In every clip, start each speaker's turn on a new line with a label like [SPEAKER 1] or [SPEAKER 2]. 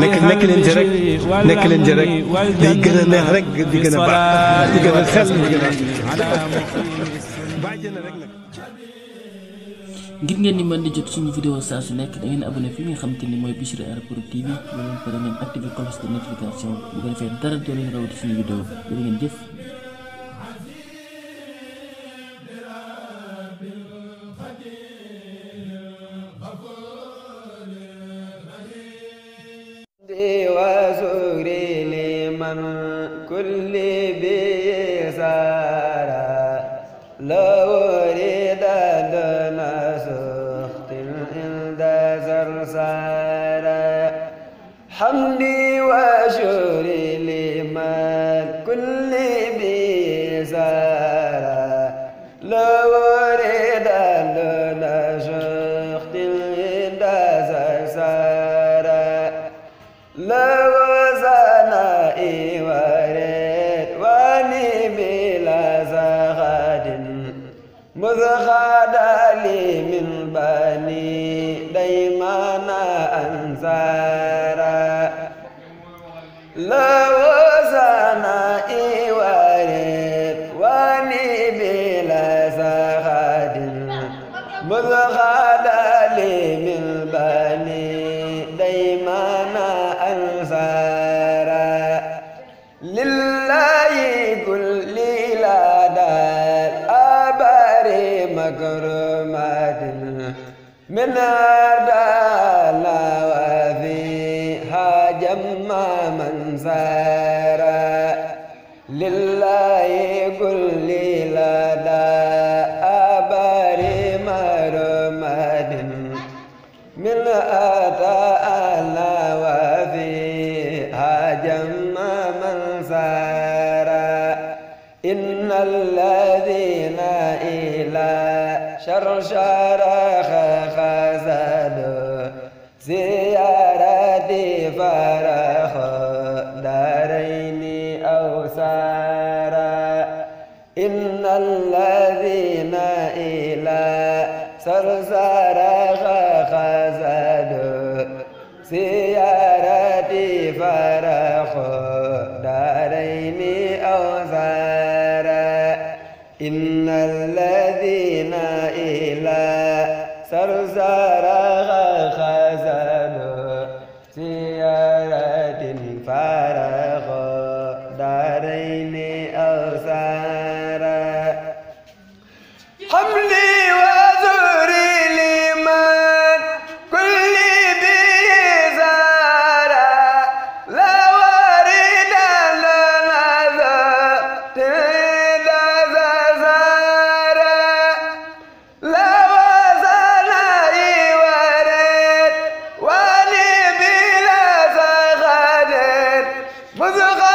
[SPEAKER 1] nekk nekk leen ci rek nekk leen ci rek day gën a neex rek di gën a baax di gën a xel di gën a
[SPEAKER 2] ngir ngeen di man di jot suñu vidéo saa su nekk da ngeen abonné fi nga xam te ni mooy Bichri Airport TV ba ngeen pare ngeen activé cloche de notification bu ko defee dara doo leen rawati suñu vidéo jërë ngeen jëf وزهري لمن كل بيسارا لو ريد دنا سخط عند زرسارا حمدي وشهري لمن كل بلا زغاد مذ غاد لي من بني ديمان أنزارا لا وزنا إيوارد واني بلا زغاد مذ غاد لي lillahi kulli la dar abari makrumatin min ardala wa fiha jamma man sara lillahi kulli la dar abari makrumatin min ardala wa fiha jamma من الذين إلى شرشرخ خزلوا زيارتي فرح دارين أو سارا إن الذين إلى سرسرخ خزلوا زيارتي فرح إن الذين إلى سرزرها خزنوا سيارة فارغوا دارين أو سارا
[SPEAKER 1] حمل ma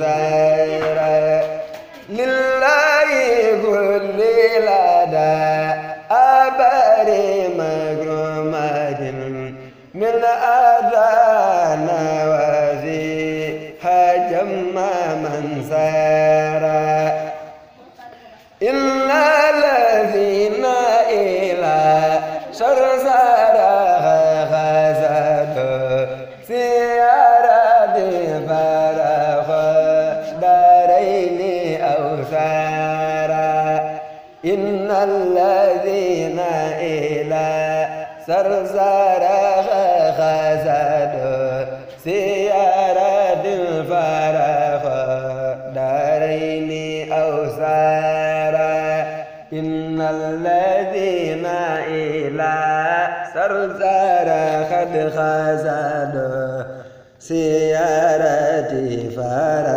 [SPEAKER 2] زيرا لله كل لدى أبري مكرمة من أذان وذي هجم من سيرا إِنَّا لا سرزار خزاد سيارة الفرح دارين أو سارة إن الذين إلى سرزار قد خزاد سيارة فرح